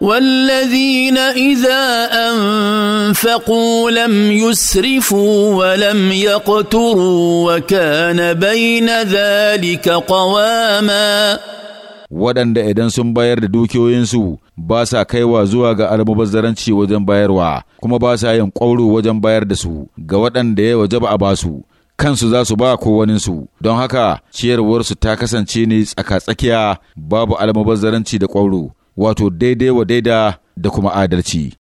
والذين اذا انفقوا لم يسرفوا ولم يقتروا وكان بين ذلك قواما waɗanda idan sun bayar da dukiyoyinsu ba sa kaiwa zuwa ga almubazzaranci wajen bayarwa kuma ba sa yin ƙwauro wajen bayar da su ga waɗanda ya ba a basu kansu za su ba kowaninsu don haka ciyarwarsu ta kasance ne tsaka-tsakiya babu almubazzaranci da ƙwauro wato daidai wa daida da kuma adalci.